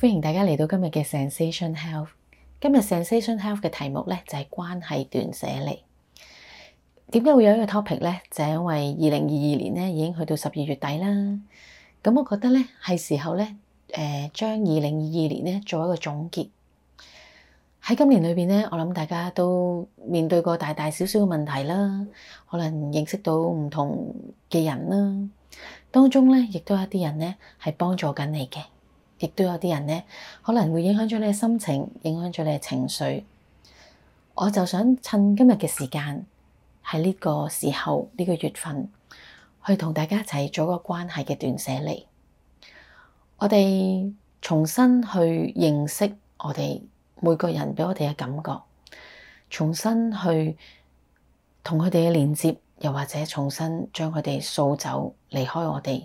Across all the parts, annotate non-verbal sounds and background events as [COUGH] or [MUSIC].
歡迎大家嚟到今日嘅 Sensation Health。今日 Sensation Health 嘅題目呢，就係關係斷捨離。點解會有一個 topic 呢？就係因為二零二二年呢已經去到十二月底啦。咁我覺得呢，係時候呢，誒，將二零二二年呢做一個總結。喺今年裏面呢，我諗大家都面對過大大小小嘅問題啦，可能認識到唔同嘅人啦，當中呢，亦都有一啲人呢係幫助緊你嘅。亦都有啲人咧，可能會影響咗你嘅心情，影響咗你嘅情緒。我就想趁今日嘅時間，喺呢個時候，呢個月份，去同大家一齊做一個關係嘅斷捨離。我哋重新去認識我哋每個人俾我哋嘅感覺，重新去同佢哋嘅連結，又或者重新將佢哋掃走，離開我哋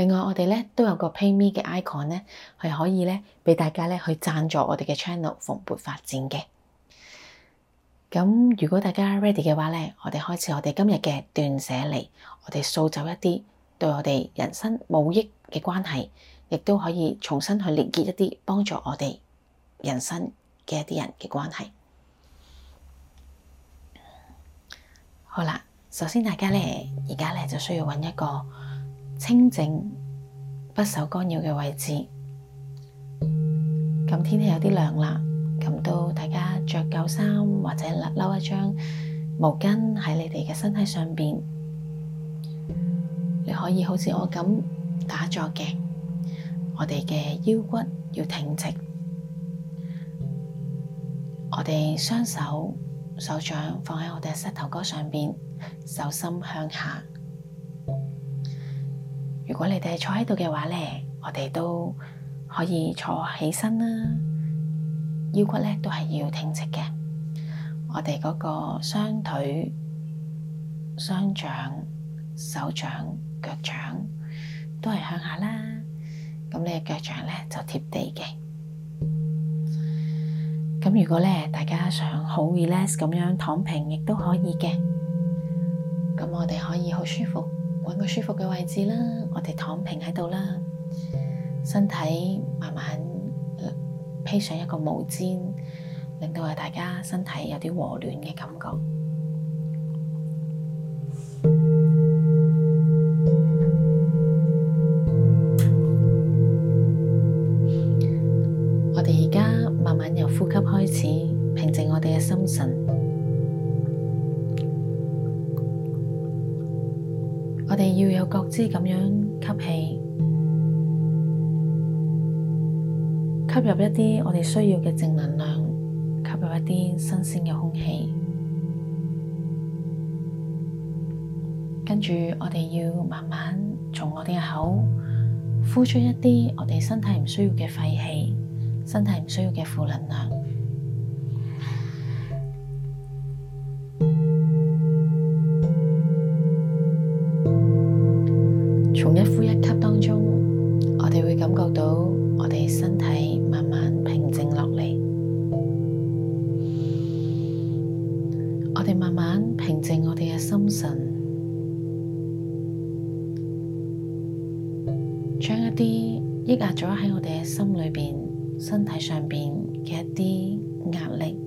另外，我哋咧都有個 Pay Me 嘅 icon 咧，係可以咧俾大家咧去贊助我哋嘅 channel 蓬勃發展嘅。咁如果大家 ready 嘅話呢，我哋開始我哋今日嘅斷捨離，我哋掃走一啲對我哋人生冇益嘅關係，亦都可以重新去連結一啲幫助我哋人生嘅一啲人嘅關係。好啦，首先大家呢，而家咧就需要揾一個。清靜、不受干擾嘅位置。咁天氣有啲涼啦，咁都大家着夠衫，或者攞一張毛巾喺你哋嘅身體上面。你可以好似我咁打坐嘅，我哋嘅腰骨要挺直，我哋雙手手掌放喺我哋膝頭哥上面，手心向下。如果你哋係坐喺度嘅話咧，我哋都可以坐起身啦，腰骨咧都係要挺直嘅。我哋嗰個雙腿、雙掌、手掌、腳掌都係向下啦。咁你嘅腳掌咧就貼地嘅。咁如果咧大家想好 relax 咁樣躺平亦都可以嘅。咁我哋可以好舒服。揾個舒服嘅位置啦，我哋躺平喺度啦，身體慢慢披上一個毛氈，令到大家身體有啲和暖嘅感覺。我哋而家慢慢由呼吸開始，平靜我哋嘅心神。要有覺知咁樣吸氣，吸入一啲我哋需要嘅正能量，吸入一啲新鮮嘅空氣。跟住，我哋要慢慢從我哋嘅口呼出一啲我哋身體唔需要嘅廢氣，身體唔需要嘅負能量。邊嘅一啲壓力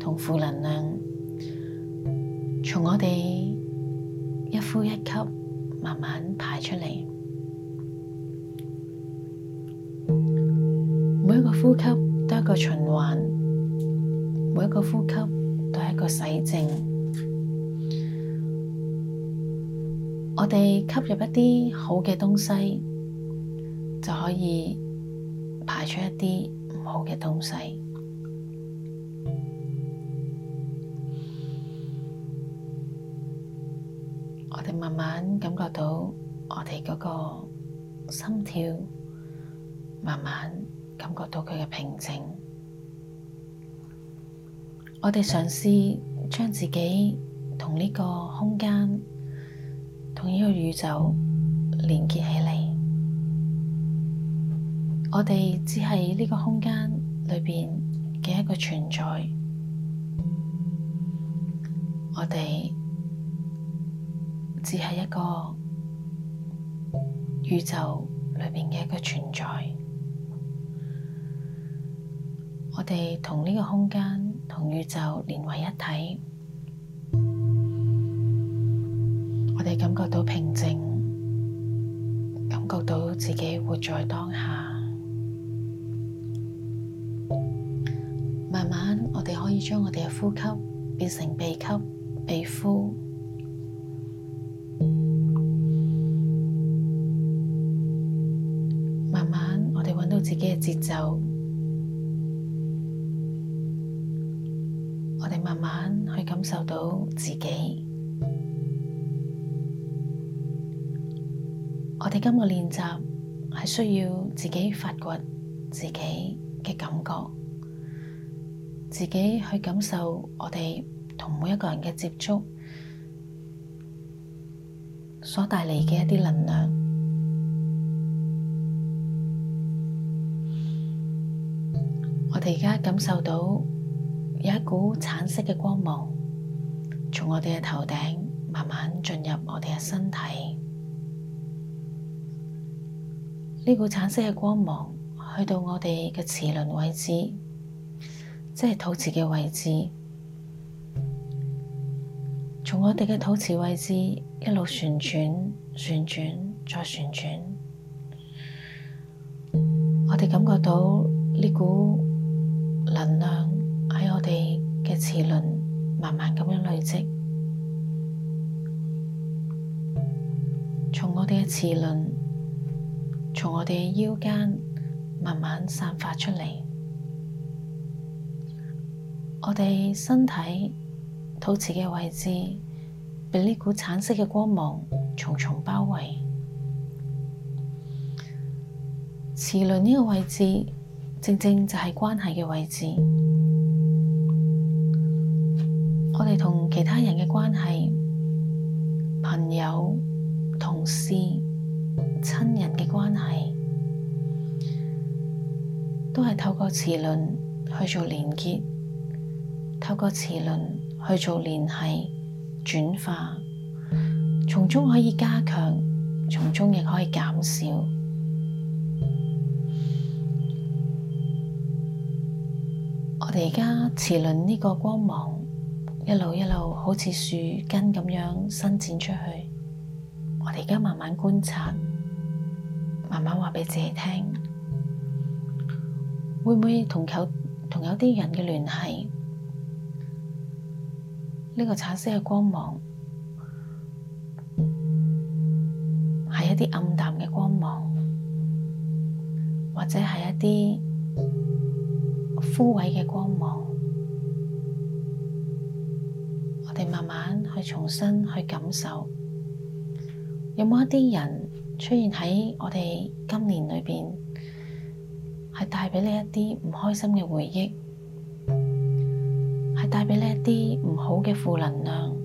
同負能量，從我哋一呼一吸慢慢排出嚟。每一個呼吸都係一個循環，每一個呼吸都係一個洗淨。我哋吸入一啲好嘅東西，就可以排出一啲。唔好嘅東西，我哋慢慢感覺到我哋嗰個心跳，慢慢感覺到佢嘅平靜。我哋嘗試將自己同呢個空間，同呢個宇宙連結起嚟。我哋只係呢個空間裏面嘅一個存在，我哋只係一個宇宙裏面嘅一個存在，我哋同呢個空間同宇宙連為一體，我哋感覺到平靜，感覺到自己活在當下。將我哋嘅呼吸變成鼻吸、鼻呼，慢慢我哋揾到自己嘅節奏，我哋慢慢去感受到自己。我哋今個練習係需要自己發掘自己嘅感覺。自己去感受我哋同每一個人嘅接觸所帶嚟嘅一啲能量。 [NOISE] 我哋而家感受到有一股橙色嘅光芒從我哋嘅頭頂慢慢進入我哋嘅身體。呢 [NOISE] 股橙色嘅光芒去到我哋嘅臍輪位置。即係肚臍嘅位置，從我哋嘅肚臍位置一路旋轉、旋轉、再旋轉，我哋感覺到呢股能量喺我哋嘅臍輪慢慢咁樣累積，從我哋嘅臍輪，從我哋嘅腰間慢慢散發出嚟。我哋身體肚臍嘅位置，被呢股橙色嘅光芒重重包圍。臍輪呢個位置，正正就係關係嘅位置。我哋同其他人嘅關係，朋友、同事、親人嘅關係，都係透過臍輪去做連結。透過齒輪去做聯繫轉化，從中可以加強，從中亦可以減少。我哋而家齒輪呢個光芒一路一路好似樹根咁樣伸展出去。我哋而家慢慢觀察，慢慢話俾自己聽，會唔會同有同有啲人嘅聯繫？呢個橙色嘅光芒係一啲暗淡嘅光芒，或者係一啲枯萎嘅光芒。我哋慢慢去重新去感受，有冇一啲人出現喺我哋今年裏邊，係帶畀你一啲唔開心嘅回憶？帶俾呢一啲唔好嘅負能量、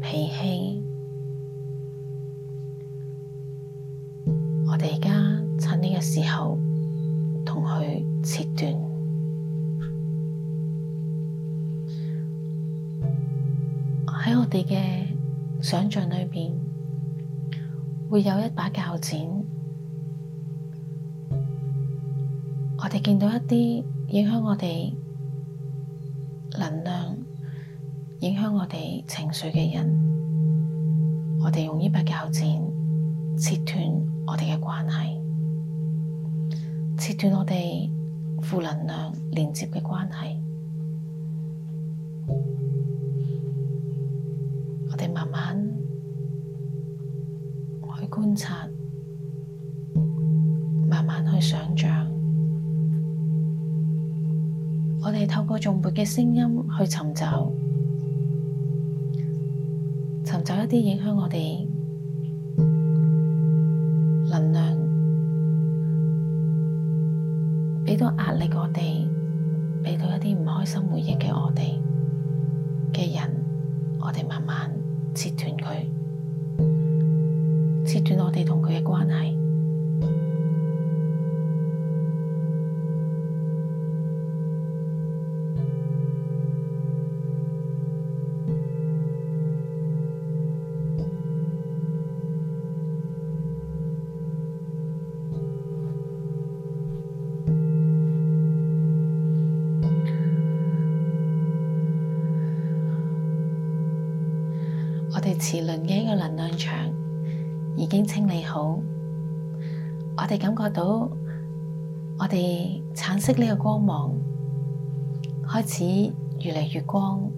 脾氣，我哋而家趁呢個時候同佢切斷。喺我哋嘅想象裏面，會有一把鉸剪，我哋見到一啲影響我哋。能量影響我哋情緒嘅人，我哋用呢把鉸剪切斷我哋嘅關係，切斷我哋負能量連接嘅關係，我哋慢慢去觀察。用頌缽嘅聲音去尋找，尋找一啲影響我哋能量，畀到壓力我哋，畀到一啲唔開心回憶嘅我哋嘅人，我哋慢慢切斷佢，切斷我哋同佢嘅關係。臍輪嘅一個能量場已經清理好，我哋感覺到我哋橙色呢個光芒開始越嚟越光，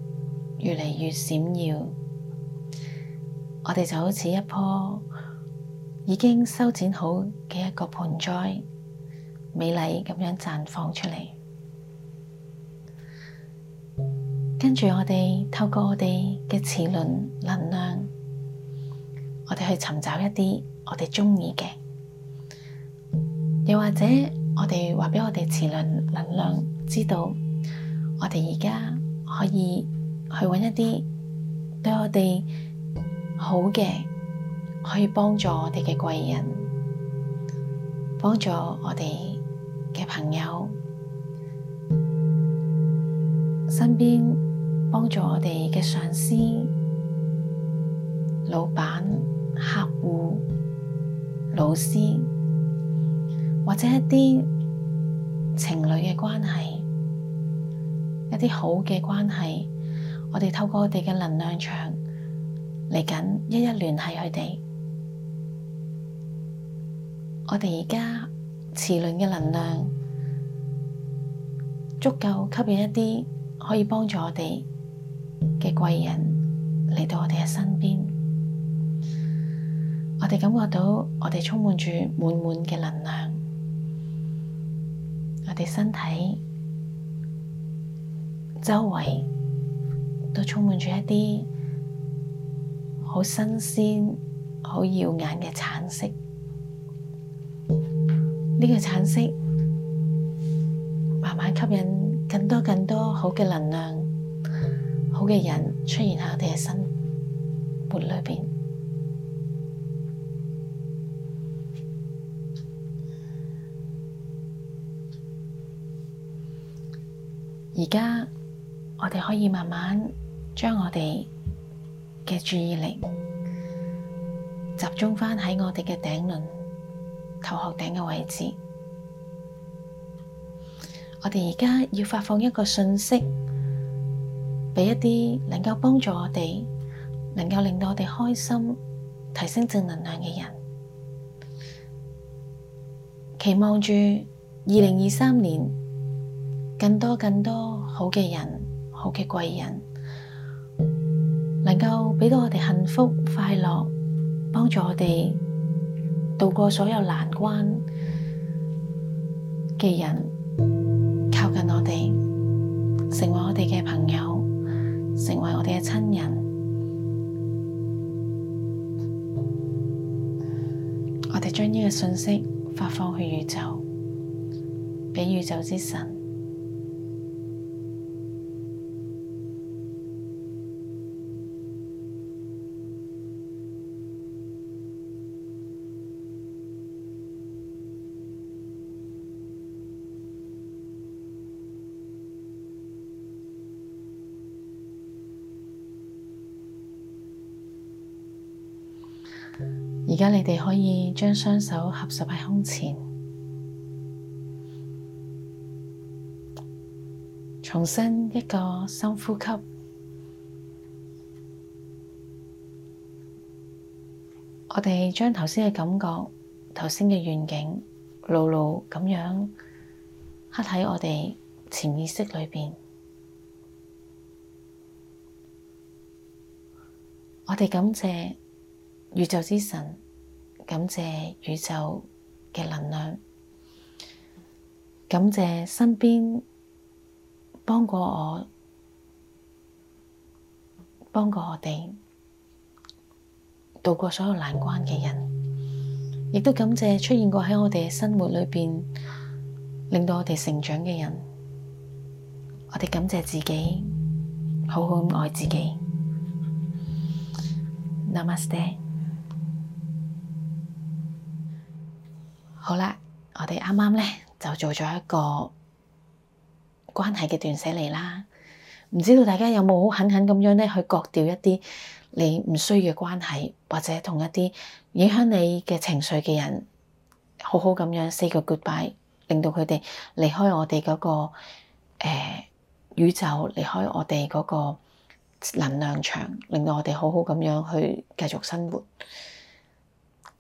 越嚟越閃耀，我哋就好似一棵已經修剪好嘅一個盆栽，美麗咁樣綻放出嚟。跟住我哋透過我哋嘅磁輪能量，我哋去尋找一啲我哋中意嘅，又或者我哋話俾我哋磁輪能量知道，我哋而家可以去搵一啲對我哋好嘅，可以幫助我哋嘅貴人，幫助我哋嘅朋友身邊。幫助我哋嘅上司、老闆、客戶、老師，或者一啲情侶嘅關係，一啲好嘅關係，我哋透過我哋嘅能量場嚟緊一一聯繫佢哋。我哋而家磁輪嘅能量足夠吸引一啲，可以幫助我哋。嘅貴人嚟到我哋嘅身邊，我哋感覺到我哋充滿住滿滿嘅能量，我哋身體周圍都充滿住一啲好新鮮、好耀眼嘅橙色。呢、這個橙色慢慢吸引更多更多好嘅能量。好嘅人出現喺我哋嘅生活裏面。而家我哋可以慢慢將我哋嘅注意力集中返喺我哋嘅頂輪頭殼頂嘅位置。我哋而家要發放一個信息。俾一啲能夠幫助我哋、能夠令到我哋開心、提升正能量嘅人，期望住二零二三年更多更多好嘅人、好嘅貴人，能夠俾到我哋幸福、快樂，幫助我哋度過所有難關嘅人，靠近我哋，成為我哋嘅朋友。成為我哋嘅親人，我哋將呢個信息發放去宇宙，畀宇宙之神。而家你哋可以將雙手合十喺胸前，重新一個深呼吸。我哋將頭先嘅感覺、頭先嘅願景，牢牢咁樣刻喺我哋潛意識裏邊。我哋感謝，宇宙之神，感謝宇宙嘅能量，感謝身邊幫過我、幫過我哋渡過所有難關嘅人，亦都感謝出現過喺我哋生活裏面令到我哋成長嘅人。我哋感謝自己，好好愛自己。Namaste。好啦，我哋啱啱咧就做咗一個關係嘅斷捨離啦，唔知道大家有冇好狠狠咁樣咧去割掉一啲你唔需要嘅關係，或者同一啲影響你嘅情緒嘅人，好好咁樣 say 個 goodbye 令到佢哋離開我哋嗰、那個誒、呃、宇宙，離開我哋嗰個能量場，令到我哋好好咁樣去繼續生活。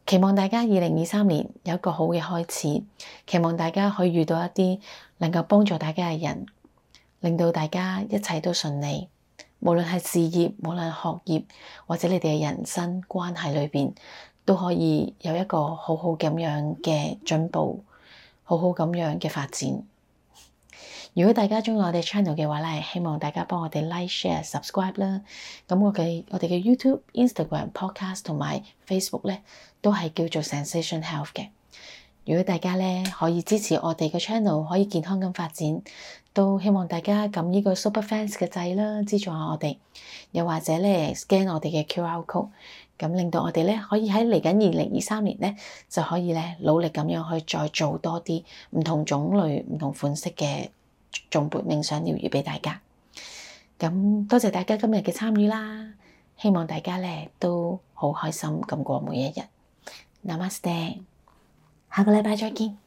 期望大家二零二三年有一個好嘅開始，期望大家可以遇到一啲能夠幫助大家嘅人，令到大家一切都順利。無論係事業、無論係學業或者你哋嘅人生關係裏邊，都可以有一個好好咁樣嘅進步，好好咁樣嘅發展。如果大家中意我哋 channel 嘅話咧，希望大家幫我哋 like、share、subscribe 啦。咁我嘅我哋嘅 YouTube、Instagram、Podcast 同埋 Facebook 咧，都係叫做 Zensation Health 嘅。如果大家咧可以支持我哋嘅 channel，可以健康咁發展，都希望大家撳呢個 Super Fans 嘅掣啦，資助下我哋。又或者咧，Scan 我哋嘅 QR code，咁令到我哋咧可以喺嚟緊二零二三年咧就可以咧努力咁樣去再做多啲唔同種類、唔同款式嘅。頌缽冥想療癒俾大家，咁多謝大家今日嘅參與啦！希望大家呢都好開心咁過每一日。Namaste，下個禮拜再見。